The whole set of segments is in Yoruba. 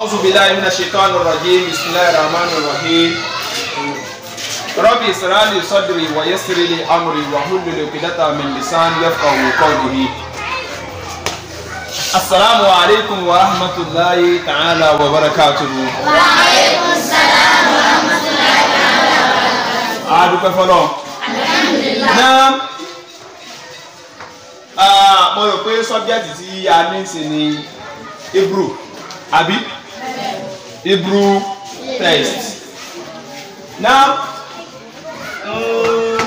أعوذ بالله من الشيطان الرجيم بسم الله الرحمن الرحيم ربي اسرع لي صدري ويسر لي أمري واحلل عقدة من لساني يفقهوا قولي السلام عليكم ورحمة الله تعالى وبركاته وعليكم السلام ورحمة الله تعالى وبركاته الحمد لله نعم mo rò pé sọ́bjẹ́tì tí a ní í Hebrew text. Now,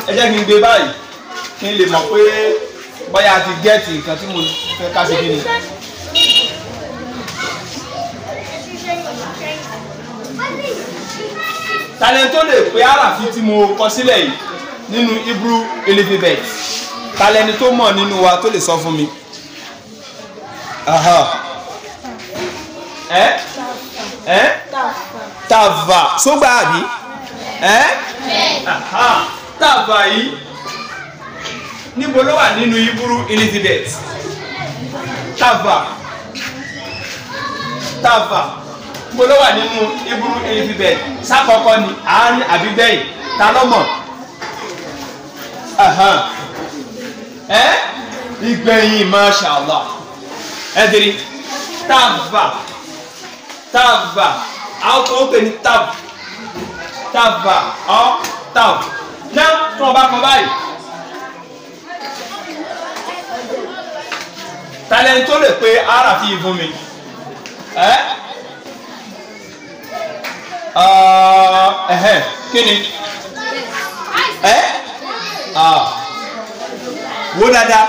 ẹ jẹ́ kí n gbé báyìí kí n lè mọ̀ pé bóyá a ti gẹ́ẹ̀tì nǹkan tí mo fẹ́ ká ṣe kí ni. talẹ̀ tó lè pe àràfin tí mo kọ sílẹ̀ yìí nínú Hebrew elifibet talẹ̀ ni tó mọ̀ nínú wa tó lè sọ fún mi. Aha ẹ ẹ tava sógbà àbí ẹ tàvà yìí níbo ló wà nínú ibùrú elizabeth tava tava níbo ló wà nínú ibùrú elizabeth sákọ̀ọ́kọ́ ni àárín àbí bẹ́yìn ta ló mọ̀ ẹ ìgbẹ̀yìn masha allah ẹ diri tàvà tava àwọn kan ó pè ní tav tava ọ tav náà tí wọn bá kọ báyìí talẹ̀ tó lè pe ara fi ìfún mi ẹ ah, ẹhẹ kí ni ẹ ah. wo dada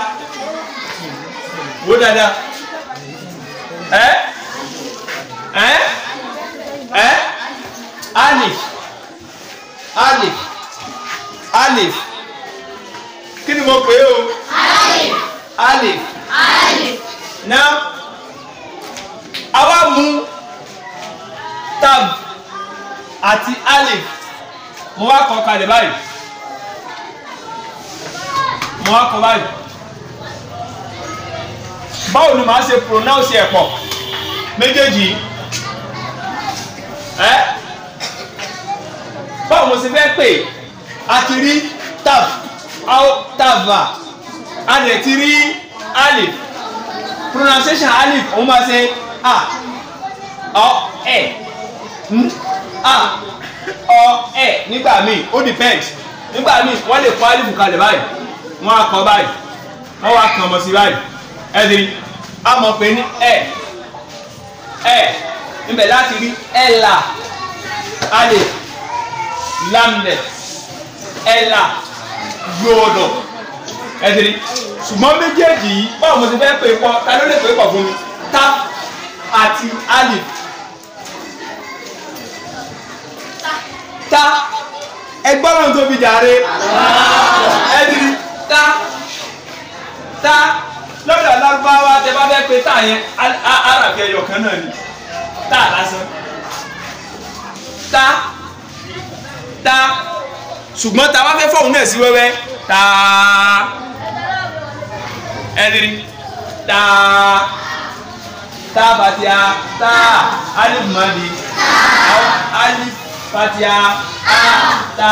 wo dada ẹ. Eh? ẹ́ eh? ẹ́ eh? alif alif alif kí ni mo pè o alif alif alif na àwa mú tab ati alif mo wá kọ kalẹ̀ báyìí mo wá kọ báyìí báwo ni màá ṣe pronounce ẹ̀ pọ̀ méjèèjì yìí ẹ́ báwo mo ṣe fẹ́ pè àti rí tava a dẹ̀ ti rí alif pronunciation alif òun máa ṣe a ọ ẹ e. a ọ ẹ e. nígbà míì ó depends nígbà míì wọ́n lè kọ́ alif kalẹ̀ báyìí wọ́n á kọ́ báyìí wọ́n wá kàn mọ́ sí báyìí ẹ ti rí a mọ̀ pé ní ẹ e, ẹ níbẹ̀ láti rí ẹ̀là alẹ̀ lamlẹ̀ ẹ̀là yọ̀ọ̀dọ̀ ẹ̀dìrí ṣùgbọ́n méjèèjì yìí báwo mo ti fẹ́ pè pọ̀ ta ló lè pè pọ̀ fún mi tap àti alif ta ẹgbọ́n tó fi jàre ẹ̀dìrí ta ta lọ́dọ̀ lárúbáwá tẹ bá fẹ́ pè ta yẹn ara fi ẹyọ kan náà ni tá lásán tá tá ṣùgbọ́n tá a bá fẹ́ fọ̀hún náà sí wẹ́wẹ́ tá ẹ̀rí tá tá bàtíà tá alif madi alif bàtíà tá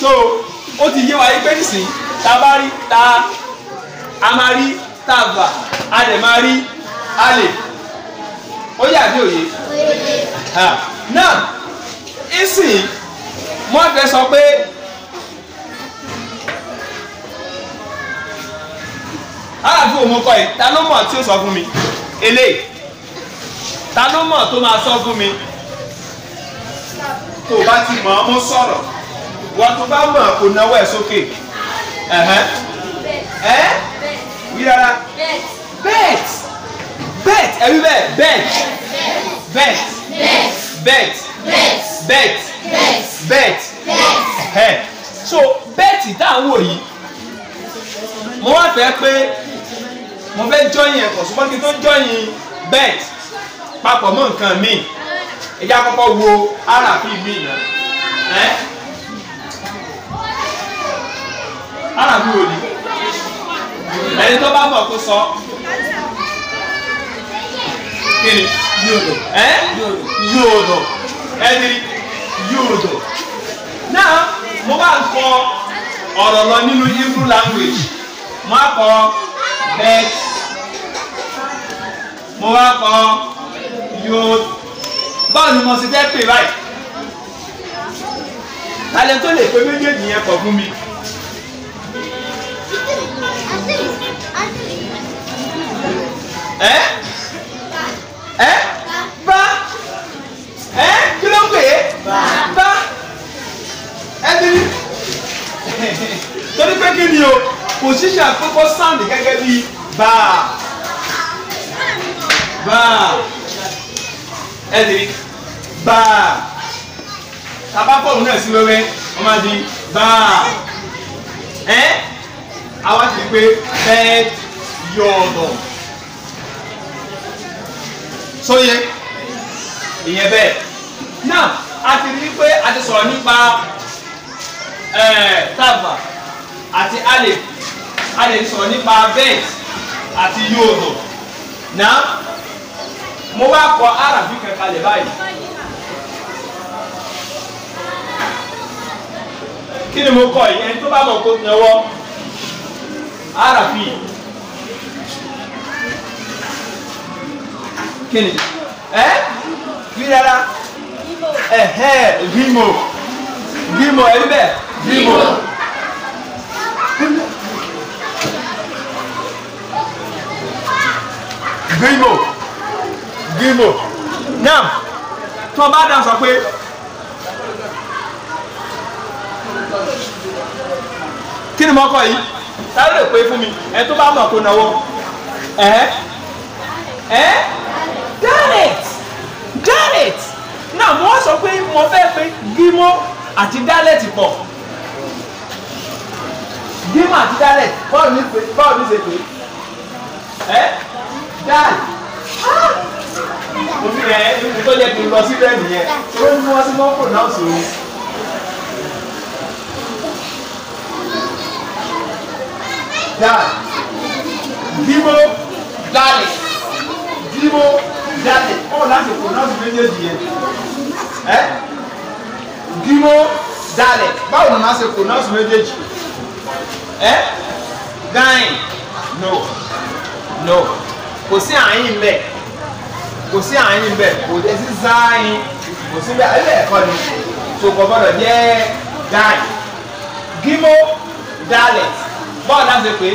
so ó ti yé wa yí pé nísìnyí tá a Tava a dẹ̀ máa rí alif ó yà bí òye náà ìsìn wọ́n fẹ́ sọ pé aláàfin òun kọ́ ẹ̀ ta ló mọ̀ tí ó sọ fún mi eléyìí ta ló mọ̀ tó máa sọ fún mi tó o bá ti mọ̀ ọ́ mú sọ̀rọ̀ wọ́n tó bá mọ̀ kó náwó ẹ̀ sókè ẹ̀hẹ́n ẹ́ wí rárá bet bet ẹ wí bẹ́ẹ̀ bet bet bet bet bet bet so bet tá à ń mo wá fẹ́ pé mo fẹ́ jọyìn ẹ̀kọ́ ṣùgbọ́n kí n tó jọyìn bet papọ̀ mọ́ nǹkan mi ẹ jẹ́ àkọ́kọ́ wo rp mi náà ẹ́ rp wo ni ẹni tó bá mọ̀ kó sọ. kíni yóòdò ẹ yóòdò ẹni yóòdò. náà mo bá ń kọ ọ̀rọ̀ lọ nínú Hebrew language mo á kọ bet mo á kọ yóòdò bọ́ọ̀lù mo sì fẹ́ pè báyìí talẹ̀ tó lè pé méjèèjì yẹn kọ̀ fún mi ẹ ẹ bá é bá ẹ ti rí torí pé kí ni o kò ṣíṣe àkókò sáàndì gẹ́gẹ́ bí bá bá ẹ ti rí bá tabakọ̀ òun náà sí wẹ́wẹ́ wọ́n máa di bá ẹ àwa ti pé bẹ́ẹ̀ yọ̀ọ̀dọ̀ sóye ìyẹn bẹ́ẹ̀ náà a ti rí pé a ti sọ̀rọ̀ nípa tábà àti alè a lè sọ̀rọ̀ nípa bẹ́ẹ̀t àti yóòdò náà mo wá kọ arabi kankan lè báyìí. kí ni mo kọ yìí ẹni tó bá mọ̀ kó ti náwó arabi kíni ẹ bí rárá ẹhẹ bímọ bímọ ẹ bẹ bímọ. Vimo bímọ náà tó bá dàn sọ pé. kí ni mo kọ yìí sáré lè pé fún mi ẹ tó bá mọ̀ kó náwó ẹ ẹ done it done it náà mo sọ pé mo fẹ́ pe gímọ́ àti dálẹ́tì pọ̀ gímọ́ àti dálẹ́tì báwo ni pé báwo ni ṣe pé ẹ dáàlì mo fi ẹ ibi tó yẹ kí n lọ síbẹ̀ nìyẹn ó ní wọ́n sí mọ́ pronounce o. dáàlì gímọ́ dálẹ́tì gímọ́ jáde ó láti kó náà sì méjèèjì yẹn ẹ gímọ dalẹ báwo ni màá ṣe kó náà sì méjèèjì ẹ dáìn no no kò sí àyín bẹ kò sí àyín bẹ kò dé sí záyìn kò sí bẹ ayé ẹkọ ni tó kọ gbọ́dọ̀ jẹ dáìn gímọ dalẹ báwo láti pè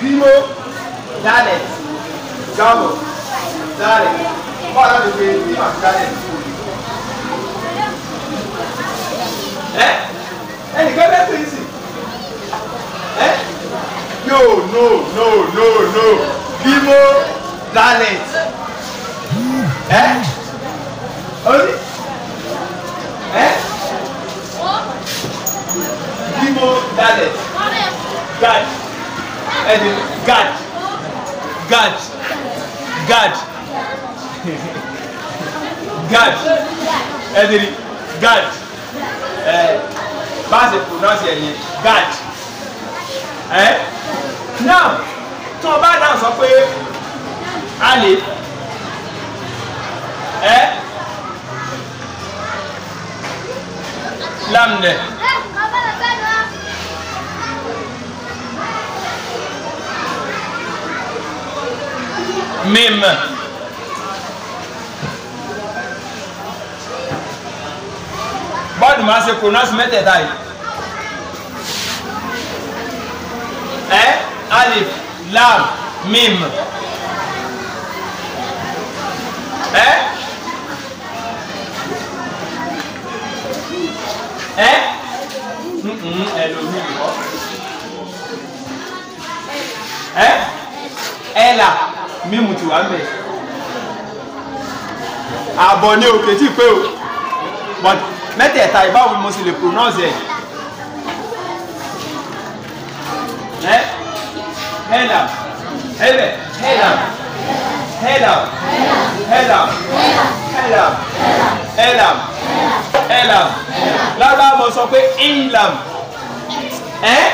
gímọ. Janet Jamo Janet bọ́ọ̀ láti fi ní màá Janet. ẹ ẹnìkan bẹ́ẹ̀ sì sì ẹ no no no no no Bimo Janet ẹ orí ẹ Bimo Janet gad ẹni gad. God, God, Gad ẹdiri Gad ẹ baasi pronounce ẹni God. Eh, now to o bá dà sọ Ali, eh, Lamne. lam mim bọ́ọ̀dù máa ṣe pronounce mẹ́tẹ̀ẹ̀ta yìí ẹ́ alif lam mim ẹ́ ẹ́ ẹlòmíì ẹ́ ẹ̀là mímu ti wà mẹ́ àbọ̀ ni òkè tí pé o but mẹ́tẹ̀ẹ̀ta ìbáwo mo sì le pronounce ẹ̀ head up head up head up head up head up head up head up head up lábàá mo sọ pé inlam ẹ̀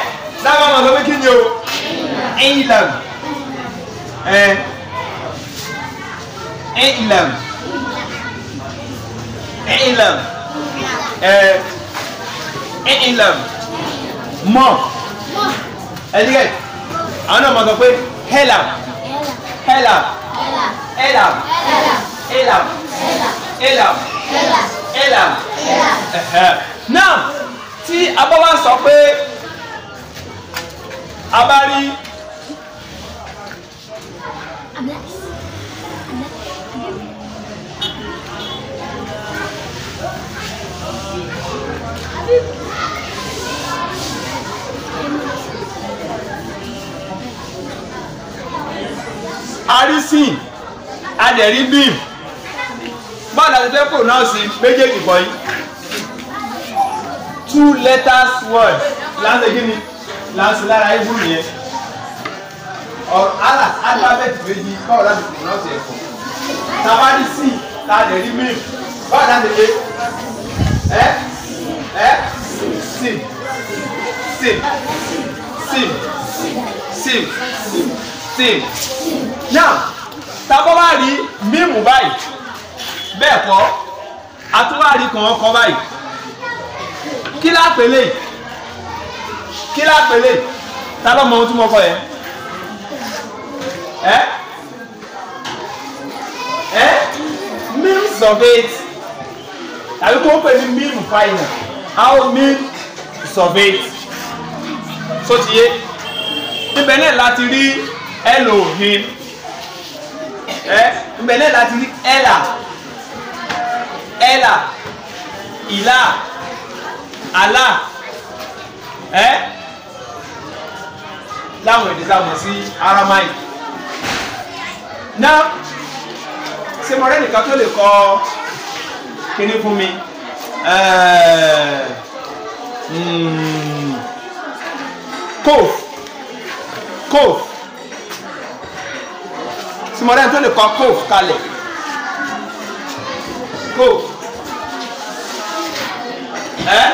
lábàá mo sọ pé kí ni o inlam ẹ̀ i'lam eh, i'lam ẹ i'lam mọ̀ ẹ̀dígẹ̀ àwọn náà máa sọ pé helam helam helam helam helam helam helam náà tí a bá wá sọ pé a bá rí. arisin adẹ̀rí bíìm báwo la ti fẹ́ pronounce méjèèjì fọ yìí two letters word láti kí ni láti lára ibú nìyẹn Or ala alifábẹ́ẹ̀tì méjì báwo la ti pronounce ẹ̀ fọ tabali sí tadẹ̀rí bíìm báwo la ti lè ẹ ẹ sí sí sí sí sí sí náà tábọ́ wá rí mímù báyìí bẹ́ẹ̀ kọ́ àtúwárí kan ọkọ báyìí kí lápẹ̀lẹ̀ l'a lápẹ̀lẹ̀ ta ló mọ ohun tí mo kọ yẹn ẹ ẹ memes of it tàbí kó pè ní meme final how meme of it so ti yé ibẹ̀ náà láti rí Elohim ẹ nbẹ náà láti rí ẹlà ẹlà ìlà àlà ẹ láwọn èdè tá a mọ̀ sí aramai náà ṣe mọ̀rẹ́ nìkan tó lè kọ kíní fún mi kof hmm, kof sùmọ́rẹ́ tó lè kọ cove kalẹ̀ cove ẹ́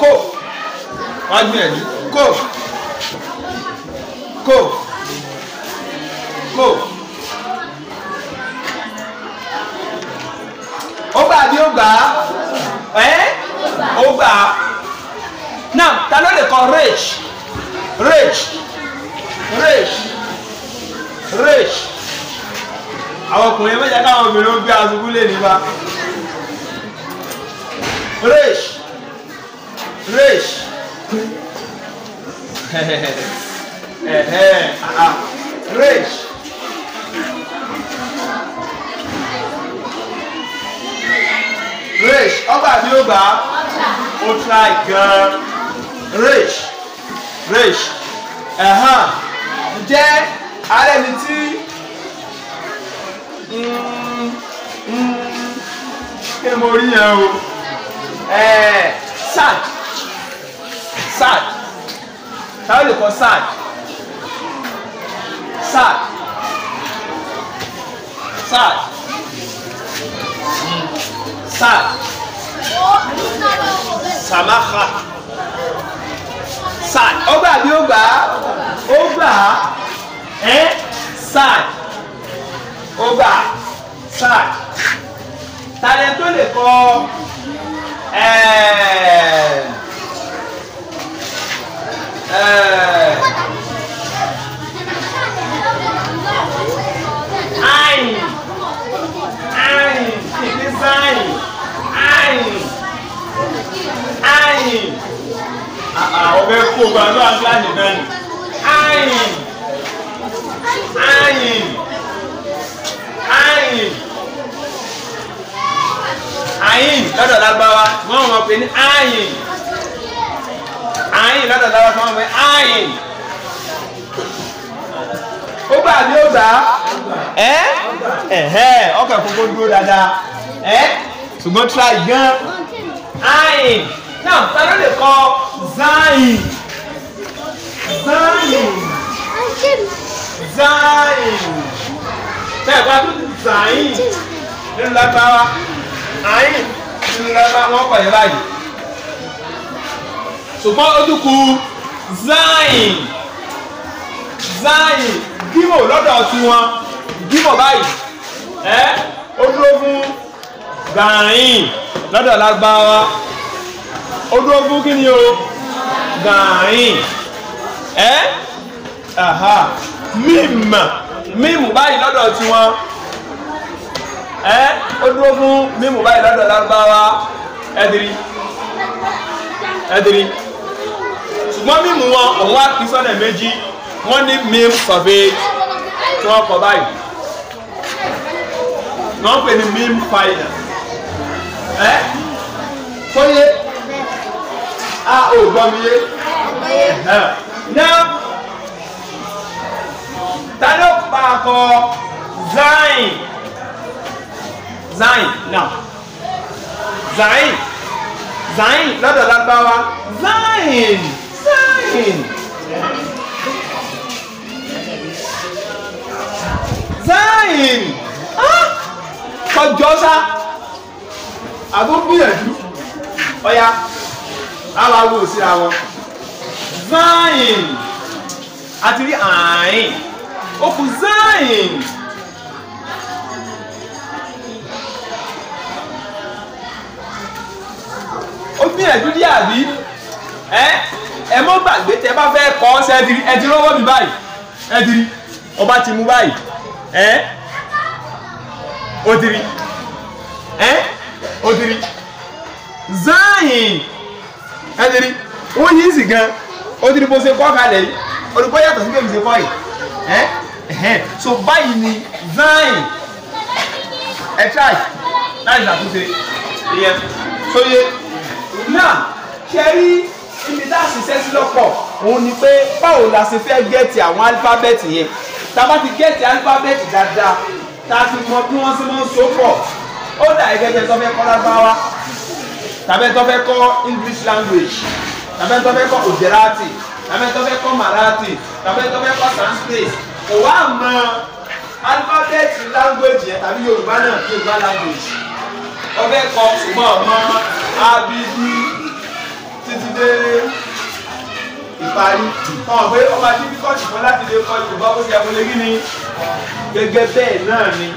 cove wọ́n á gbìyànjú cove cove cove. ó gbà bí ó gbà ẹ́ ó gbà now ta ló lè kọ rage rage rage rage àwọn ọkùnrin mẹ́jẹ káwọn obìnrin ó gbé aṣubú lè nípa. rèṣ rèṣ rèṣ. rèṣ ọgbà bí ó gbà ó try gan rèṣ rèṣ ǹjẹ́ ààrẹ ni tí ṣé mo rí yẹn o sad sad táwọn lè kọ sad sad sad sad samaha sad ọgbà bí ó gbà ó gbà ẹ sad ó gbà sack talent tó lè kọ eh, eh, ayin ayin kìkì sáyìn ayin ayin ọbẹ̀ ah, ah, kó gbàdúrà ńlá nìkan ayin. ayin lọ́dọ̀ lágbáwá wọ́n mọ̀ pé ní ayin ayin lọ́dọ̀ lágbáwá wọ́n mọ̀ pé ayin ó gbà bí ó gbà ẹ ẹhẹ ọkọ ìkókó dúró dáadáa ẹ ṣùgbọ́n try gan ayin náà ta ló lè kọ zayin zayin zayin tẹ̀ bá tó zayin nínú lágbáwá àyìn ìrẹ́lá wọn pè é báyìí ṣùgbọ́n ó Zain, Zain. zayin gímò lọ́dọ̀ tiwọn gímò báyìí ẹ́ ó dúró fún gàáyìn lọ́dọ̀ lágbára ó dúró fún kí ni o gàáyìn ẹ́ aha mímù mímù báyìí lọ́dọ̀ tiwọn ẹ ó dúró fún mímú báyìí lọ́dọ̀ lárúbáwá ẹ̀dìrí ẹ̀dìrí ṣùgbọ́n mímú wọn òun á kí sọ́nà méjì wọ́n ní mím sọ̀fẹ́ tí wọ́n kọ báyìí wọ́n pè ní mím fàyà ẹ tó yé a ò gbọ́ mi yé náà ta ló pa akọ zain zain náà zain zain lọ́dọ̀ lágbáwá zain zain zain ah. kọjọ́ sá àbúgbìyànjú ọ̀ya aláwo síra wọn zain àti rí àìn ó kù zain. ó gbìyànjú dí àbí ẹ ẹ mọ́ gbàgbé tẹ bá fẹ́ kọ́ ọ́ sẹ́ ẹ ti rí ẹ ti rọ́wọ́ mi báyìí ẹ ti rí ọba ti mú báyìí ẹ ó ti rí ẹ ó ti rí zayin ẹ ti rí ó yí sí gan ó bó ṣe kọ́ kalẹ̀ yìí olùkọ́ yàtọ̀ sí bẹ́ẹ̀ mi yìí ẹ ẹ̀hẹ́n so báyìí ni zayin ẹ try láì ṣàtúnṣe ìyẹn sóyè. So, yeah náà ṣe rí ibi tá a ṣiṣẹ́ sí lọ́pọ̀ òun ni pé báwo la ṣe fẹ́ gẹ̀ẹ́tì àwọn álífábẹ́ẹ̀tì yẹn tá a bá ti gẹ̀ẹ́tì álífábẹ́ẹ̀tì dáadáa tá a ti mọ bí wọ́n ṣe máa ń so pọ̀ ó dà gẹ́gẹ́ bí ẹ tó fẹ́ kọ́ lágbáwá tàbí ẹ tó fẹ́ kọ́ English language tàbí ẹ tó fẹ́ kọ́ Gujarati tàbí ẹ tó fẹ́ kọ́ Marathi tàbí ẹ tó fẹ́ kọ́ Sanskrit kò wá mọ álífábẹ́ẹ̀tì language yẹn tàbí Yorùbá náà Yorùbá language ọbẹ̀ kọ ṣùgbọ́n ọmọ abidi títí dé ìparí wọn pé ọba tí kíkọ́ ṣùgbọ́n láti lè kọ yorùbá ó ti àmúlé kí ni gẹ́gẹ́ bẹ́ẹ̀ náà ni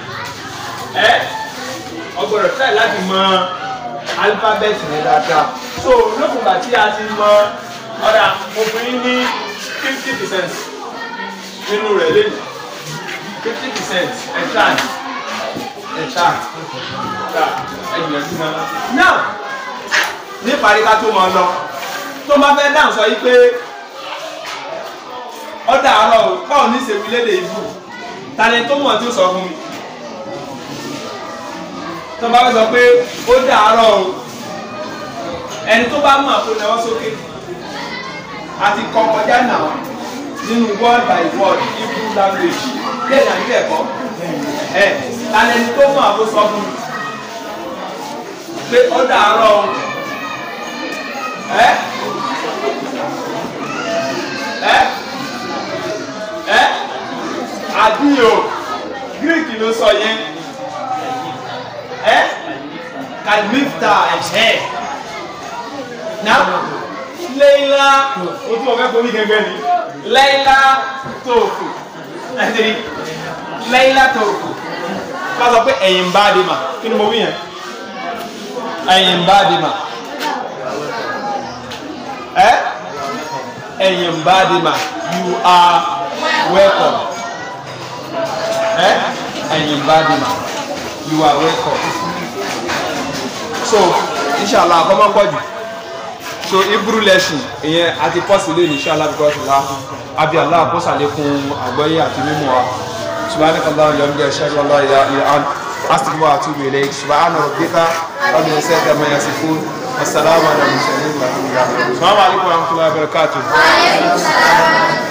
ẹ ọgbọ̀rọ̀ tẹ̀ láti mọ alifábẹ́ẹ̀tì rẹ dáadáa so lókùnbà tí a ti mọ ọ̀dà obìnrin ní fifty percent nínú rẹ̀ lẹ́yìn fifty percent ẹ̀ṣáàtì ẹ̀ṣáàtì ẹgbìyànjú náà. náà níparí ká tó máa lọ tó máa fẹ́ dáhùn sọ yí pé ọ̀dà àárọ̀ báwo ní ṣe wílé lè ibù tani tó mọ̀ tí ó sọ fún mi tó bá fẹ́ sọ pé ó dàárọ̀ o ẹni tó bá mọ̀ kó náwó sókè àti kọ́ kọjá náà nínú word by word Hebrew language bẹ́ẹ̀ náà nílẹ̀ kọ́ ẹ̀ tani tó mọ̀ kó sọ fún mi pé ó dàárọ̀ o ẹ ẹ ẹ àdìyò greek ló sọ yẹn ẹ kàlífta ẹ na lẹ́yìnlá o tún ọ̀fẹ́ fomi gẹ́gẹ́ ni lẹ́yìnlá tóòfù ẹ̀ tẹ́lẹ̀ lẹ́yìnlá tóòfù ká sọ pé ẹ̀yìn bá a di mà kí ni mo wí yẹn ẹ̀yìn báàdì mà ẹ́ ẹ̀yìn you are welcome ẹ́ ẹ̀yìn báàdì you are welcome so inshallah àkọ́mọ́ pọ̀ jù so hebrew lesson ìyẹn àti pọ́sì lè ní inshallah because la abi allah kó sàlékún àgbọ́yé àti mímọ́ wa subhanakallah wa bihamdika ashhadu an la ilaha illa an. أستغفر وأتوب إليك سبحان ربك رب العزة عما يصفون والسلام على المرسلين والحمد لله السلام عليكم ورحمة الله وبركاته. وعليكم السلام